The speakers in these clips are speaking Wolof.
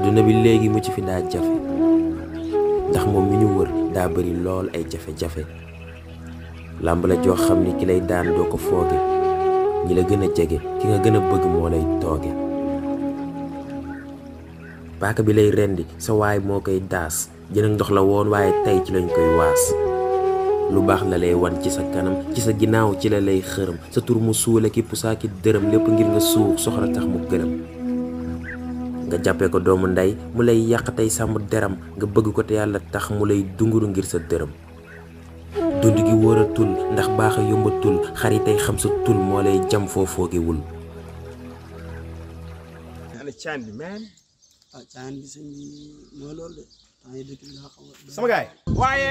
àdduna bi léegi mu ci fi daa jafe ndax moom mi ñu wër daa bëri lool ay jafe-jafe làmb la joo xam ni ki lay daan doo ko fooge ñi la gën a jege ki nga gën a bëgg moo lay tooge paaka bi lay rendi sa waay moo koy daas jën ndox la woon waaye tey ci lañ koy waas lu baax la lay wan ci sa kanam ci sa ginnaaw ci la lay xërëm sa tur mu suule ki pusaaki dërëm lépp ngir nga suux soxla tax mu gërëm nga jàppee ko doomu ndey mu lay yàq tey sàmm deram nga bëgg ko te yàlla tax mu lay dunguru ngir sa dërëm dund gi wóoratul ndax baax a yombatul xar yi tey xam sa tul moo lay jam foo foogewul ah, sama gaay waaye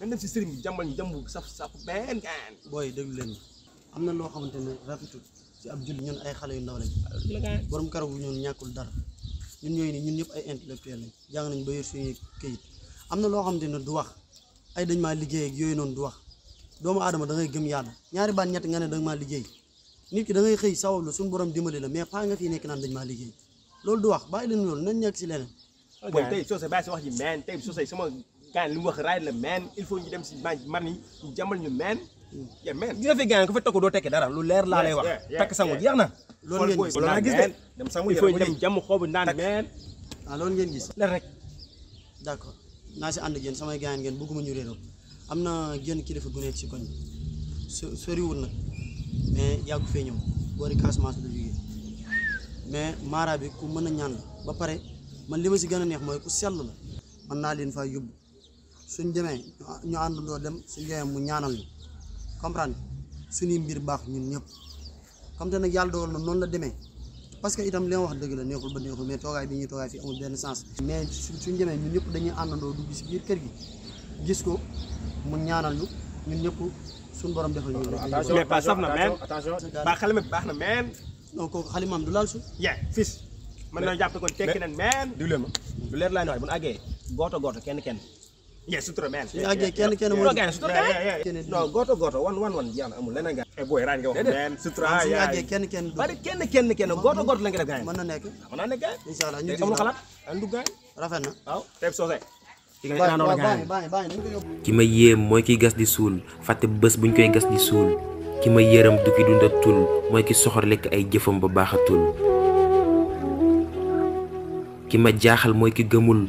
dañ dem si sëriñ bi jàmbal ñu jàmbu saf saf benn gaan booy déglu leen am na loo xamante ne rafetul si ab julli ñun ay xale yu ndaw lañ borom karaw bu ñun ñàkkul dara ñun ñooy ni ñun ñëpp ay intellectuel lañ jàng nañ ba yor suñuy këyit am na loo xamante ne du wax ay dañ maa liggéey ak yooyu noonu du wax doomu aadama da ngay gëm yàlla ñaari baat ñett nga ne da nga maa liggéey nit ki da ngay xëy sawablu suñu borom dimbali la mais pas nga fii nekk naan dañ maa liggéey loolu du wax bàyyi leen loolu nañ si leneen. sa gaan li mu wax raay la meen il faut ñu dem si man yi ñu jàmbal ñu hmm. doo tekki dara lu leer laa lay wax takk sangu jeex na loolu ngeen gis loolu gis dem sangu il faut ñu dem jàmm xoobu naan meen waaw ah, loolu ngeen gis leer rek d'accord naa si ànd ak yéen samay gaan ngeen bëgguma ñu réeroo am na génn kilifa gu nekk si koñ so soriwul nag mais yàggu fee ñëw boori Casamance la jógee mais mara bi ku mën a ñaan la ba pare man li ma si gën a neex mooy ku sell la man naa leen faa yóbbu suñ demee ñu àndandoo dem suñ demee mu ñaanal ñu comprendre suñuy mbir baax ñun ñëpp comme te nag yàlla doo na noonu la demee parce que itam leen wax dëgg la neexul ba neexul mais toogaay bi ñuy toogaay fii amul benn mais suñ demee ñun ñëpp dañuy àndandoo dugg si biir kër gis ko mu ñaanal ñu ñun ñëpp suñ borom defal ñu. attention mais pas saf na meen ba xalima bi baax na meen. donc kooku xalimaam du laal suuf. yaa fis mën na jàpp kon tekki nañ meen. du ma lu leer laa ñu bu nu àggee gooto gooto kenn kenn. yes sutura man kenn kenn mo gaay sutura gaay non goto goto wan wan wan yàlla amul eh, kenn kenn bari kenn kenn kenn goto goto la nga def nekk mën na nekk gaay inshallah ñu eh, amul xalaat rafet na waaw teb soose ki ma yéem mooy ki gas di suul fàtte bés buñ koy gas di suul ki ma yërëm du ki dundatul mooy ki soxor lekk ay jëfam ba baaxatul ki ma jaaxal mooy ki gëmul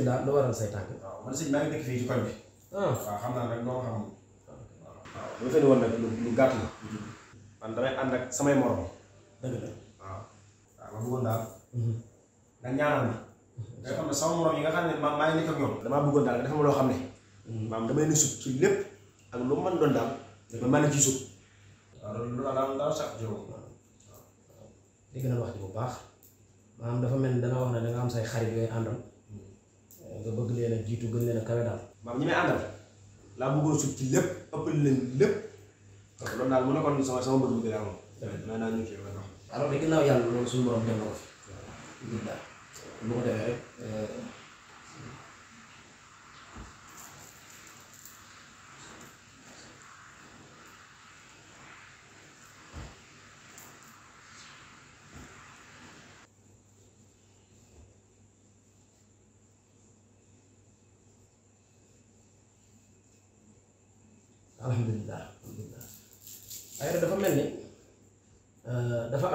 bisimilah lu waral say tànk. waaw man sëñ maa ngi dëkk fii ci koñ bi. Ah. waaw xam naa nag doo xam. waaw bu ma samay morom. dëgg la waaw. waaw ma bëggoon daal. Mhm. nga ñaanal ma. Mhm. xam ne sama morom yi nga xam ne maa maa ngi nekk ñoom. damaa bëggoon daal nga ma loo xam ne. Mhm. maam damay ne sut ci lépp ak lu man doon daal. dama mën a ci sut. waaw loolu daal daal sax juróom. dégg wax bu baax maanaam dafa mel ni danga wax na danga am say xarit yooyu àndal. nga bëgg leen a jiitu gën leen a kawe daal. maam ñi may àndal laa bëggoon suuf ci lépp ëppal leen lépp loolu daal mu nekkoon sama sama mbëgg bëgg daal moom. dëgg la ñu kii wax alors que ginnaaw yàlla loolu suñu borom dem na ko fi. lu ko defee rek. Euh,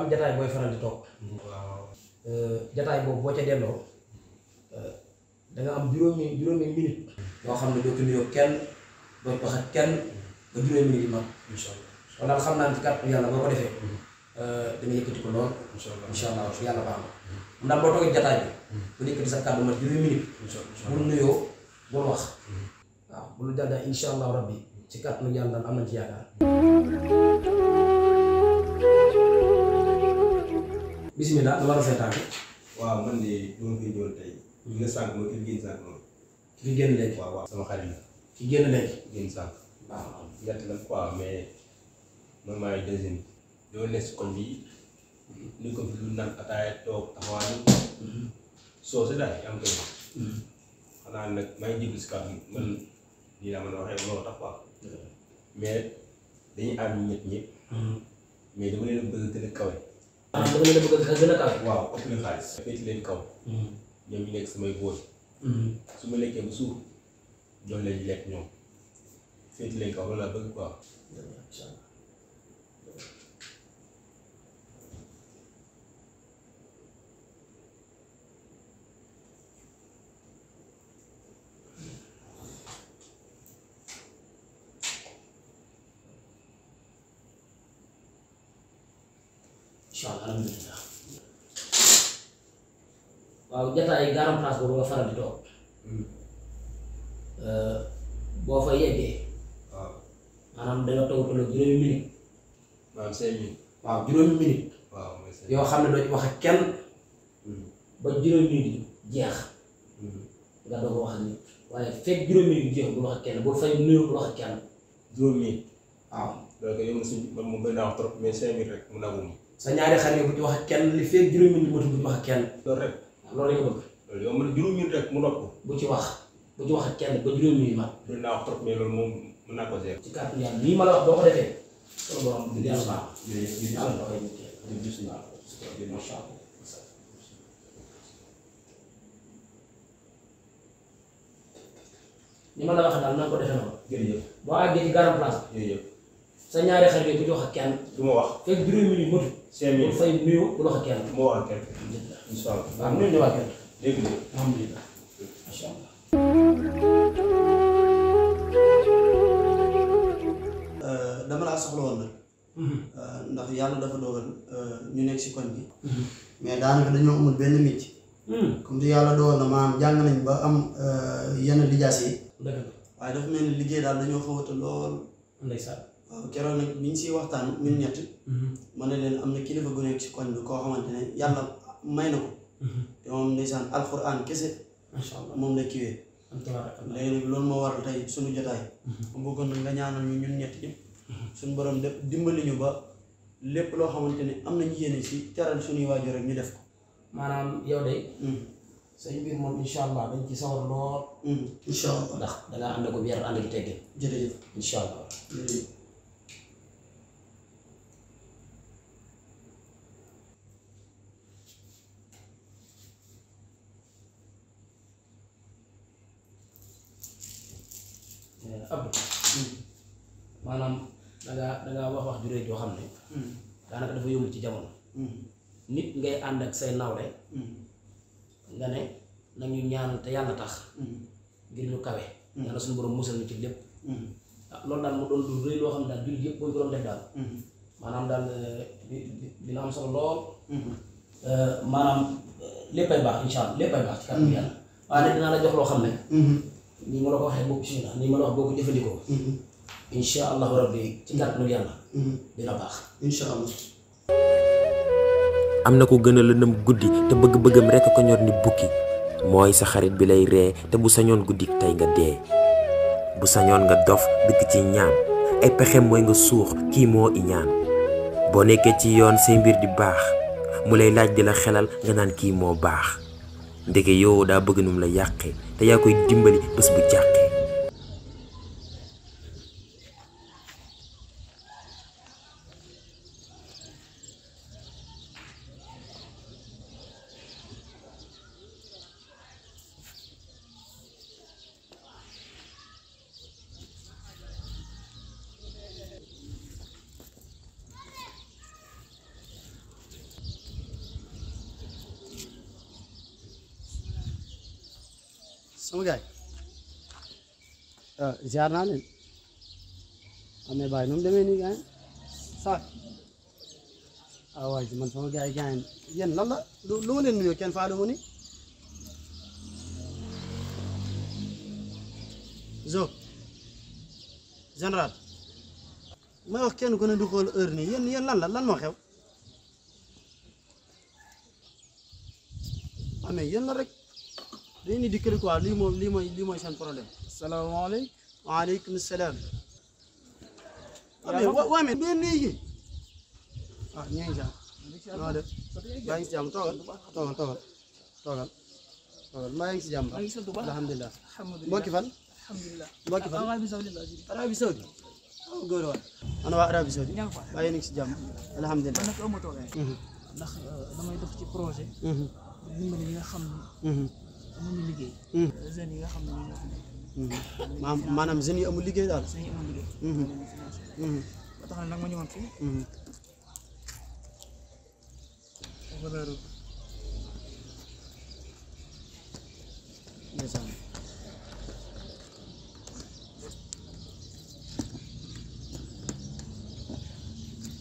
am jataay booy faral di toog euh, jataay boobu boo ca delloo euh, da am juróomi juróomi minute yoo xam ne doo ko nuyoo kenn ko boo ko defee hmm. euh, dina yëkkati ko lool incha allah su yàlla baax hmm. bi hmm. bu yëkkati sa yàlla daal am ci yaakaar bisimilah dama rafet tànk. waaw man de dama fi ñëwoon tey. ñu nga sànq mooy génn sànq moom. kii génn léegi. waaw waaw sama xarit la. kii génn léegi. génn sànq. Ah. waaw la quoi mais man maay deuxième. doo nekk si ni mm-hmm. soo sa daal am koy. Mm-hmm. xanaa nag maa ngi jéggi si kàddu gi man mm-hmm. nii laa mën a waxee loolu tax quoi. mais dañuy am ñett ñëpp. mais dama leen bëgg a gën a ah dama leen a bëgg a gën a kawe. waaw ëpp na xaalis. féet leen kaw. Hmm. ñoom nekk samay bóoy. Hmm. su ma lekkee ba suur jox leen lekk ñoom féet leen kaw loolu laa bëgg quoi. waaw jataay garam place boobu nga faral di toog hmm. euh, boo fa yeggee waaw maanaam danga toog toog juróomi minute maanaam cinq minutes waaw yoo xam ne doo ci wax kenn hmm. ba juróomi minute jeex hmm. nga doog wax ak nit waaye fekk juróomi bu wax ak kenn boo fay nuyu bu wax ak kenn juróomi minute waaw donc yow suñ man moom bëri naa wax trop mais cinq sa ñaari xar yi bu ci kenn li fekk juróomi minute bu ci wax kenn loolu la ñu loolu yow man juróomi minute rek mu noppi. bu ci wax bu ci wax ak kenn ba juróomi minute ma. mën naa wax trop mais loolu moom mën naa ko seet. ci kàttan yàlla lii ma la wax boo ko defee. soo borom bi yàlla baax. ma la wax daal na ko defee noonu. jërëjëf boo àggee ci garam place bi. sa ñaari xar yi bu jox ak kenn. du ma wax fekk juróomi minute motu. cinq ak kenn. moo wax ak kenn. Euh, dama laa soxla woon nag. Mhm. Euh, ndax yàlla dafa dogal euh, ñu nekk si koñ bi. Mhm. mais daanaka dañoo amul benn métier. Hmm. comme te yàlla dogal na maanaam jàng nañ ba am yenn lijaas yi. waaye dafa mel ni liggéey daal dañoo xawata lool. keroog nag bi ñu siy waxtaan ñun ñett mm-hmm. ma ne leen am na kilifa gun nekk ci koñ bi koo xamante ne yàlla may na ko mm-hmm. te moom ndeysaan alxuraan kese macha moom la kiwee léegi nag loolu moo waral tey suñu jotaay mu mm-hmm. bëggoon nag ñu ñun ñett ñëpp suñu borom def dimbali ñu ba lépp loo xamante ne am nañu yéene ci teral suñuy waajur ñu def ko maanaam yow de mm. say mbir moom incha allah dañ ci sawar lool. Mm. incha allah ndax da ngaa ànd ko biir ànd ki teggee. dangaa dangaa wax wax juree joo xam ne hmm. daanaka dafa yomb ci jamono hmm. nit ngay ànd ak say nawle hmm. nga ne nañu ñaan te yàlla tax ngir ñu kawe yàlla suñu borom musal ñu ci lépp ah, loolu daal mu doon lu loo xam ne daal jullit yëpp boo ñu doon def daal maanaam daal eh, dina am solo lool eh, maanaam eh, léppay baax insha allah léppay baax ci kàddu yàlla waaye nag dinaa la jox loo xam ne nii ma la ko waxee bokk si ni ma la wax boo ko jëfandikoo incha mhm. am na ko gëna a lëndëm guddi te bëgg-bëggam rekk ko ñor ni bukki mooy sa xarit bi lay ree te bu sañoon guddi tey nga dee bu sañoon nga dof dëkk ci ñaan ay pexem mooy nga suux kii moo i ñaan boo nekkee ci yoon say mbir di baax mu lay laaj di la xelal nga naan kii moo baax ndeke yow daa bëgg num la yàqe te yaa koy dimbali bés bu jàq sama gaay uh, ziar naa leen am na bàyyi nu mu demee nii gaay ah, ma leen nuyoo kenn faa dama ni zo général may ku ne du xool heure nii la lan moo xew amee ah, yéen la rek dañu ni dikkali quoi lii moom lii mooy lii mooy seen problème salaamaaleykum waaleykum salaam waa mais mais léegi ah ñu ngi jàmm noo a maa ngi si jàmm toogal toogal toogal toogal toogal maa ngi si jàmm alhamdulilah mbokki fan mbokki fan Arabie Saoudi oh, góor waay ana waa Arabie Saoudi waa a ngi si jàmm alhamdulilah mhm. ndax euh, damay dox ci projet mhm. dimbali ñi amuñu liggéey. Hmm. jeunes yi nga xam ne ñoo nekk. maam maanaam jeunes yi amul liggéey daal. jeunes yi amul liggéey. Hmm. Hmm. ba tax na nag ma ñëwoon fii. valeur ndeysaan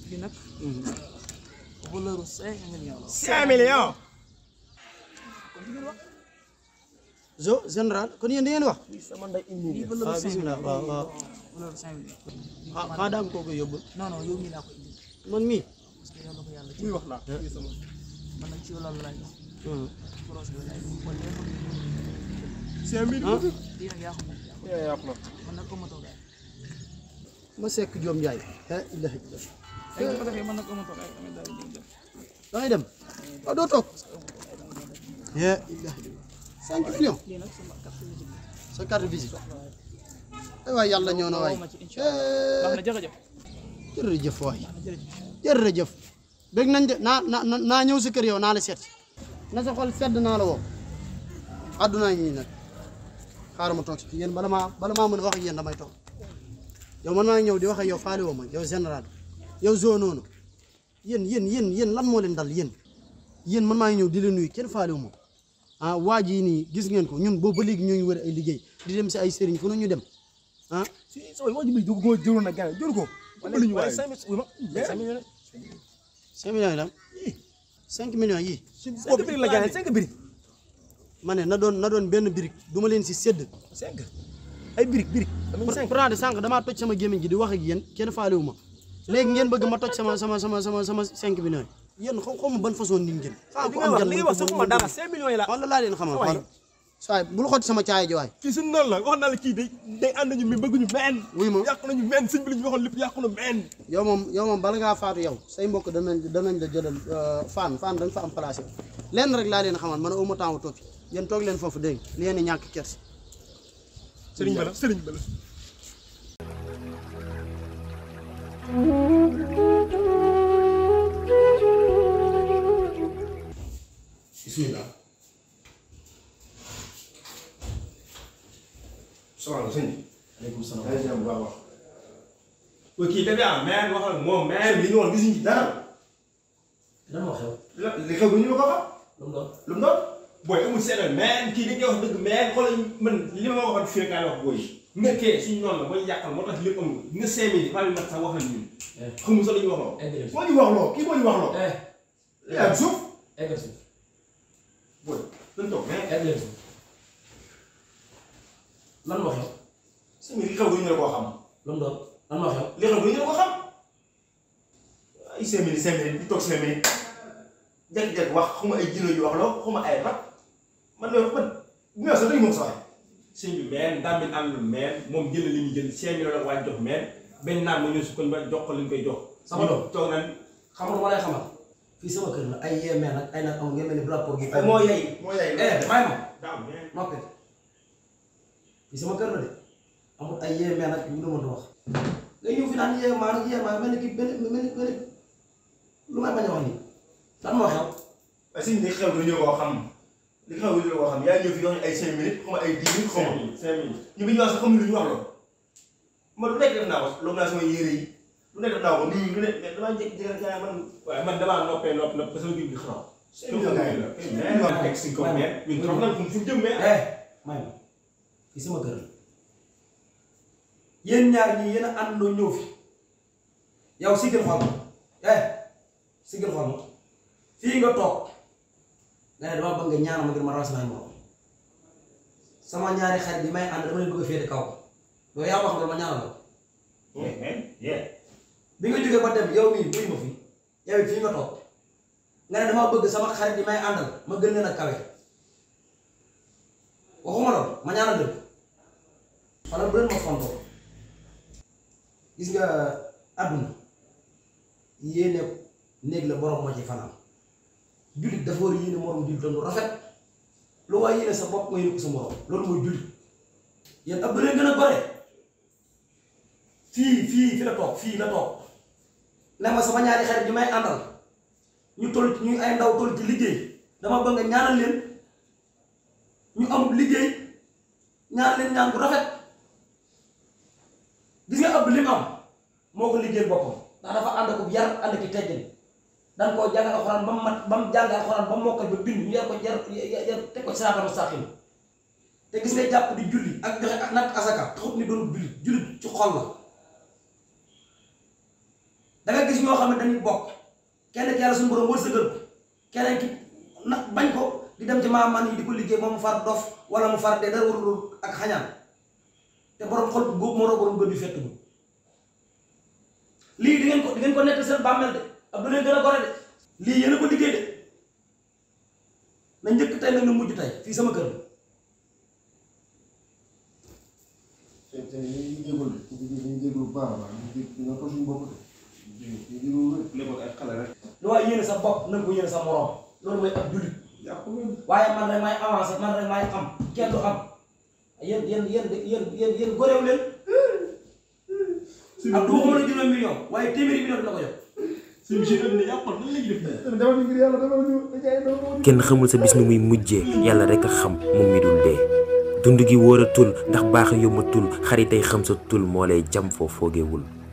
fii nag valeur cinq millions cinq millions zo général kon yéen da ngeen wax. ah bisimilah waaw waaw. ah xaaral am kooku yóbbu. non non yow ko indi. man hmm. la ko yàlla ah. man mi. ma sekk Diome Ndiaye. ah Illaah Illaah. ay ma ko defee man nag cinq millions sa carte visite ay eh waay yàlla ñëw na waay eh, jërëjëf waay jërëjëf dégg nañ de naa naa naa ñëw si kër yow naa la set na sa xol naa la woo àdduna ñi nag xaaral ma toog si yéen bala maa bala maa mën a wax ak yéen damay toog yow mën maa ñëw di wax ak yow faale woo ma yow général yow zoo noonu yéen yéen yéen lan moo leen dal yéen yéen man maa ñëw di la nuyu kenn faale wu ma ah waa jii nii gis ngeen ko ñun boobu ba léegi ñoo ñu wër ay liggéey di dem si ay sëriñ fu na ñu dem ah. si sooy waa ji bi jóg ko jëloon nag gars waay cinq millions la cinq millions yi. cinq birig la gars ma ne na doon na doon benn birig du ma leen si sédd. cinq ay birig birig. prendre sànq damaa toj sama gémmiñ gi di wax ak yéen kenn faalewu ma léegi ngeen bëgg ma toj sama sama sama sama sama cinq millions yéen xaw ma ban façon nit ngeen. ah ku am li nga wax saxuma dara 5 millions yi la. wala na meen. yow moom yow moom bala ngaa faatu euh, am place yow lenn rek laa leen xamal man aw ma temps wu topp yéen toog leen foofu dégg li ngeen di ñàkk kersi. sëriñ Bala sëriñ Bala. bisimilah. salaamaaleykum. maaleykum salaam yaa ngi jàmm bu baax a baax. oui kii dafay am maire wax ak moom maire bi ñu wax gis ñu ci dara. dina ma xew. li xew bi ñu ma ko fa. lu mu doon lu mu doon. booy amul seetal maire kii dañ koy wax dëgg maire xoolal man li ma waxoon fii rek laa wax booy yi. nekkee suñu noonu la mooy yàqal moo tax lépp amul nga cinq minutes faa leen mat sax wax nañ ñun. Eh. xamul sax li ñu wax loo. moo ñu wax loo kii moo ñu wax loo. Eh. yaa suuf. Eh, booy dañ toog mais nag leen lan moo xew. sëñ li xew bu ñu koo xam. lan doon lan moo xew. li xew bu ñu la ko toog cinq minutes jekk-jekk wax xuma ay jilo yu wax loo xuma ay rab man loolu man bu ñu sa bi meen ndam bi am moom jël li ñu jël cinq millions la waaye jox meen benn naam la ñu sukkandiku ba jox ko li ñu koy jox. sama doom toog nañ xamal ma lay xamal. fii sama kër la ay yéeme nag ay nag amul gi. ay moo yey eh, ma. noppi fii sama kër de amul ay yéeme nag yu ma wax. nga ñëw fi naan yéemaa nag yéemaa mel ni ki benn mel ni lu may bañ a wax nii lan moo xew. parce que li xew lu ñu ko xam li xew lu ñu ko xam yaa ñëw fi ay 5 minutes xaw ma ay 10 minutes. 5 minutes 5 minutes ñu bi ñu wax sax xamuñ lu ñu wax loolu. ma lu nekk bu nekk ndaw nga ne mais damaa jékki-jékki man. waaye man damaa noppee nopp nopp ba sama biir bi xanaa. seen yoon sama kër la yéen ñaar ñii yéen a àndandoo ñëw fi yow si gën xool eh fii nga toog nga ne dama bëgg nga ñaanal ma ngir ma raw sama morom sama ñaari xet bi may ànd dama leen bëgg a féete kaw loolu yaa wax nga ma ñaanal la. Eh, eh, eh. bi nga jógee ba dem yow mii buy ma fi yow it fii nga toog nga ne damaa bëgg sama xarit yi may àndal ma gën leen a kawe waxuma lool ma ñaanal dëgg wala bu leen gis nga àdduna yéene néeg la borom moo ci fanaan jullit dafa war a sa bopp nga loolu mooy gën a gore fii fii fi la toog fii la toog ne ma sama ñaari xarit bi may àndal ñu toll ñu ay ndaw toll ci liggéey dama bëgg nga ñaanal leen ñu am liggéey ñaan leen ñaan bu rafet gis nga ab li am moo ko liggéey boppam ndax dafa ànd ko yar ànd ki teggin dañ koo jàng alxuraan ba mu mat ba mu jàng alxuraan ba mu mokkal ba bind ñu yar ko yar yar teg ko siraatal mustaqiim te gis ne jàpp di julli ak joxe ak nag asaka taxut ni doon julli julli ci xol la dangay gis ñoo xam ne dañuy bokk kenn ki yàlla suñu borom wërsëgal ko keneen ki nag bañ ko di dem ci maamaan yi di ko liggéey moom mu far dof wala mu far dee dara warul ak xañaan te borom xol góob moo doon borom gën ko ko seen bàmmeel de ab du leen gën a gore de lii yéen ko liggéey de na njëkk tey nag na mujj tey fii sama kër te kenn xamul sa bis ni muy mujjee yàlla rek xam moom mi dul dee dund gi wóoratul ndax baax yombatul xaritay xam sa tul moo lay jam foo foogewul